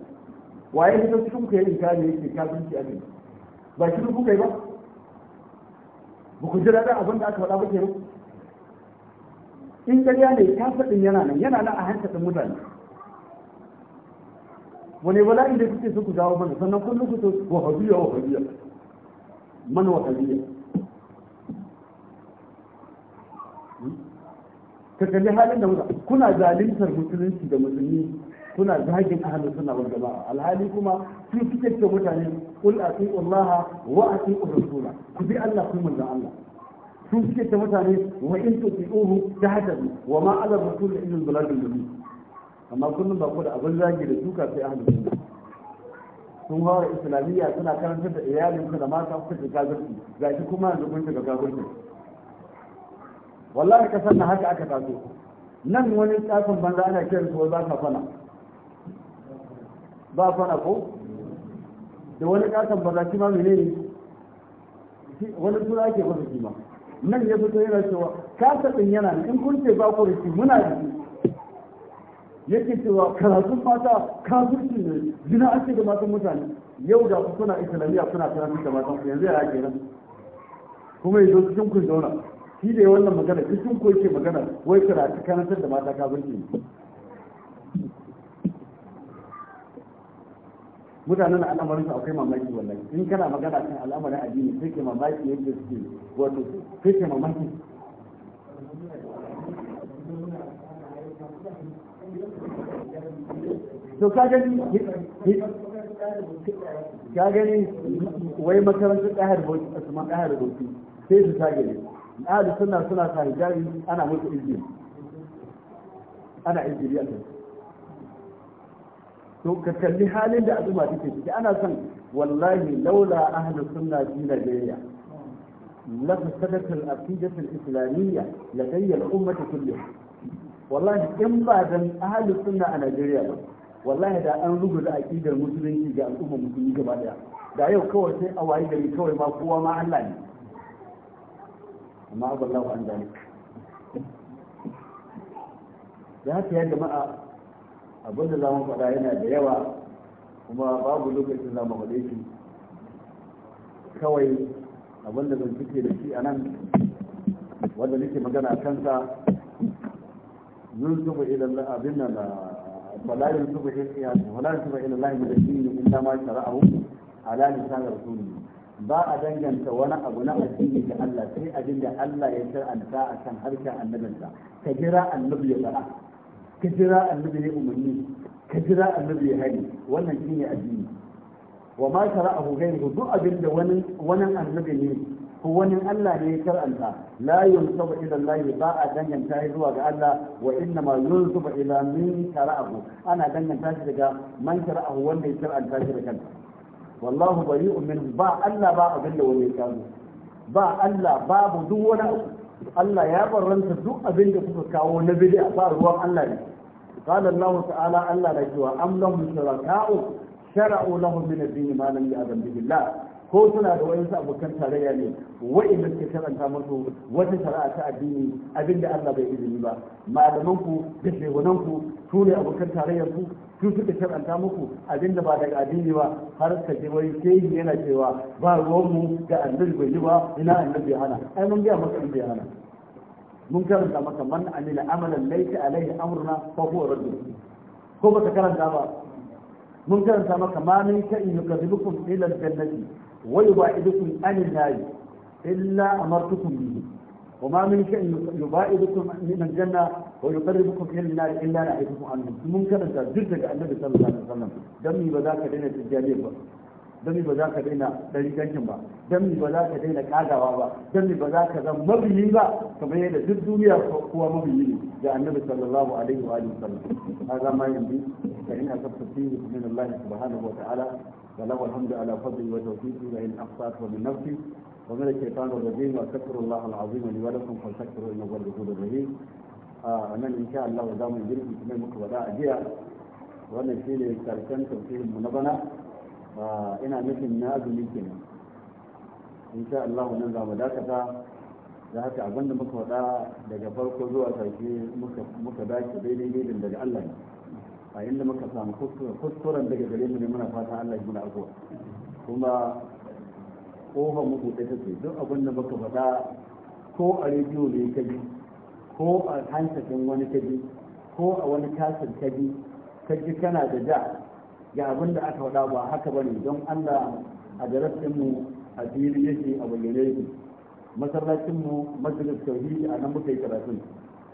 waye ne ta cikin ku ya inkari yake kafirci a kai ba shi kuka yi ba ba ku jira daɗin abin da aka faɗa ba ke in ƙarya ne ta faɗin yana nan yana nan a hankalin mutane wani bala'i da kuke so ku dawo mana sannan kullum wa so wa wahabiya mana wahabiya hmm? ka kalli halin da kuna zalimtar musulunci da musulmi kuna zagin ahalin suna wal jama'a alhali kuma su kike ce mutane kul atiu Allah wa atiu rasula ku bi Allah ku manzo Allah su kike ce mutane wa in tuti'uhu tahtadu wa ma ala rasul illa al-balagh mubin amma kullum ba ku da abin zagi da duka sai ahlus sunna sun hawa islamiyya suna karantar da su da mata kuka shiga kafirci gashi kuma yanzu kun shiga kafirci wallahi ka sanna haka aka taso nan wani tsafin banza ana kiran su za ka fana ba fana ko da wani katon banza shi ma ne wani suna ake masa ma nan ya fito yana cewa kasa din yana in kun ce ba ku da muna da shi yake cewa karatun mata kafirci ne zina ake da matan mutane yau da ku suna islamiyya suna karatun da matan ku yanzu ya ake nan kuma yanzu cikin kun zauna shi ne wannan magana cikin ku yake magana wai karatu karantar da mata kafirci ne mutanen da al'amarin su akwai mamaki wallahi in kana magana kan al'amarin addini sai ke mamaki yadda suke wato sai ke mamaki to ka gani ka gani wai makarantar ɗaya bauchi a kuma ɗahar bauchi sai su ta gani ahli sunna suna sa hijabi ana musu izini ana izini a kansu to ka kalli halin da al'umma take ciki ana son wallahi laula ahli sunna fi Najeriya la fasadat al-aqidah al-islamiyya ladayya al-ummah kullaha wallahi in ba dan ahli sunna a Najeriya ba wallahi da an da aqidar musulunci ga al'ummar musulmi gaba daya da yau kawai sai a wayi gari kawai ma kowa ma Allah ne amma aballahu an zalik da haka ya jama'a abin da zamu faɗa yana da yawa kuma babu lokacin zamu faɗe shi kawai abin da zan cike da shi a nan wanda nake magana a kansa zurzuba ilan abin nan ah, ولا يتوب إلى ولا يتوب إلى الله من الدين إلا ما شرعه على لسان رسوله ba a danganta wani abu na addini ga Allah sai abin da Allah ya shar'anta a kan harkar annabinsa ka jira annabi ya fara ka jira annabi ya umarni ka jira annabi ya hari wannan shine addini wa ma shara'ahu ghayruhu duk abin da wani wani annabi ne ko wani Allah ne ya karanta la yunsabu ila Allah ba a danganta shi zuwa ga Allah wa inna ma yunsabu ila min shara'ahu ana danganta shi daga man shara'ahu wanda ya karanta shi da kanta wallahu bari'un min ba Allah ba abin da wani ya ba Allah babu duk wani Allah ya barranta duk abin da kuka kawo na bid'a a ruwan Allah ne قال الله تعالى ألا لجوا أم لهم شركاء شرعوا لهم من الدين ما لم يأذن به الله ko suna da wani abokan tarayya ne da suke karanta musu wata shari'a ta addini abinda Allah bai izini ba malaman ku da shehunan ku su ne abokan tarayyar ku su suka karanta muku abinda ba daga addini ba har ka je wai sai yana cewa ba ruwan mu ga annabi bai yi ba ina annabi hana ai mun ga maka annabi hana mun karanta maka man amila amalan laysa alaihi amruna fa huwa raddu ko baka karanta ba mun karanta maka ma min in yukadibukum ila al-jannati wai ba idukun anin nayi illa amartukum bihi wa min shay'in yubaidukum min aljanna wa yuqarribukum ila an-nar illa na'itukum anhu mun karanta duk daga annabi sallallahu alaihi ba za ka daina tijjani ba don ba za ka daina dariƙancin ba don ba za ka daina kagawa ba don ba za ka zama mabiyi ba kamar yadda duk duniya kowa mabiyi ne ga annabi sallallahu alaihi wa sallam hada ma yanzu fa in asabta fihi min Allah subhanahu wa ta'ala wa lahu alhamdu ala fadli wa tawfiqi wa in aqsat wa min nafsi wa min ash-shaytan wa Allah al-azim li wa lakum rahim a nan insha Allah za mu girki kuma muka wada a jiya wannan shine karshen tafsirin mu na bana ina nufin na azumi kenan insha Allah nan za mu dakata da haka abinda muka faɗa daga farko zuwa sarki muka dace daidai daidai daga Allah ne a inda muka samu kuskuren daga gare mu ne muna fata Allah yi muna abuwa kuma ƙofar mu buɗe ce, duk abinda muka faɗa ko a rediyo ne ka ji ko a hansakin wani ka ji ko a wani kasir ka ji ka ji kana da ja ga abin da aka faɗa ba haka bane don Allah a mu a fili yake a bayyane yake masallacinmu majalis tauhidi a nan muka yi karatun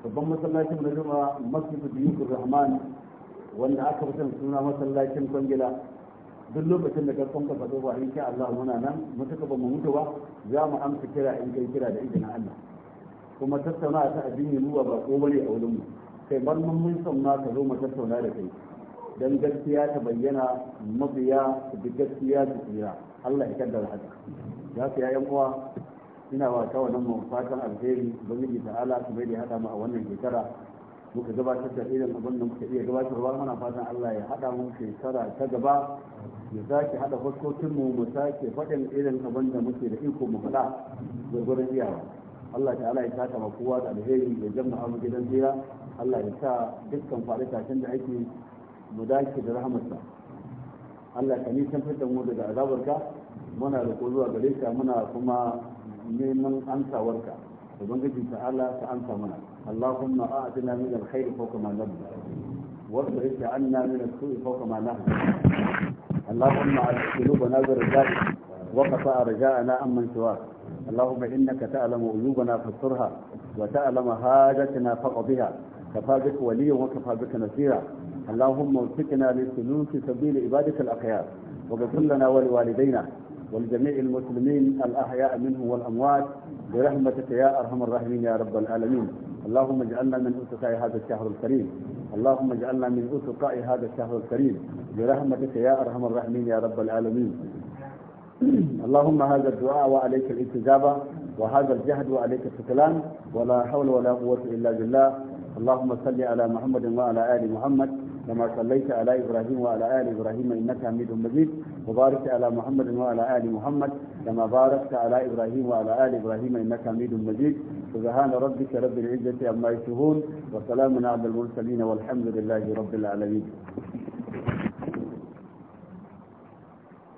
babban masallacin na juma masjid yusuf rahman wanda aka fi suna masallacin kwangila duk lokacin da karfan ka faɗo ba insha Allah muna nan mutuka ba mu mutu ba za mu amsa kira in kai kira da idan Allah kuma tattauna ta addini ruwa ba ko bane a wurin mu kai bar mun mun san ka zo mu tattauna da kai don gaskiya ta bayyana mabiya da gaskiya su tsira Allah ya kaddara haka za su yayan uwa ina wa ta wannan mu fatan alheri ubangiji ala su bai da hada mu a wannan shekara muka gabatar da irin abin da muka iya gabatarwa muna fatan Allah ya hada mu shekara ta gaba ya sake hada fuskokin mu mu sake faɗin irin abin da muke da iko mu faɗa gurgurin iyawa Allah ta'ala ya saka ma kowa da alheri ya jama'a mu gidan tsira Allah ya sa dukkan faɗi tashin da ake mu dace da rahamarsa Allah ka nisan fitar mu daga azabarka muna da zuwa gare ka muna kuma neman amsawarka ubangiji ta Allah ta amsa mana Allahumma a'tina min alkhair fawqa ma nabda واصرف عنا من السوء فوق ما نحن اللهم على قلوبنا برجائك وقطع رجاءنا امن سواك اللهم انك تعلم عيوبنا فاسترها وتعلم حاجتنا فقضها كفى بك وليا وكفى بك نصيرا اللهم وفقنا لسلوك سبيل عبادك الأخيار واغفر لنا ولوالدينا ولجميع المسلمين الأحياء منهم والأموات برحمتك يا أرحم الراحمين يا رب العالمين اللهم اجعلنا من أتقاء هذا الشهر الكريم اللهم اجعلنا من أتقاء هذا الشهر الكريم برحمتك يا أرحم الراحمين يا رب العالمين اللهم هذا الدعاء وعليك الاستجابة وهذا الجهد وعليك السكلان ولا حول ولا قوة إلا بالله اللهم صل على محمد وعلى آل محمد كما صليت على إبراهيم وعلى آل إبراهيم إنك حميد مجيد وبارك على محمد وعلى آل محمد كما باركت على إبراهيم وعلى آل إبراهيم إنك حميد مجيد سبحان ربك رب العزة عما يصفون وسلام على المرسلين والحمد لله رب العالمين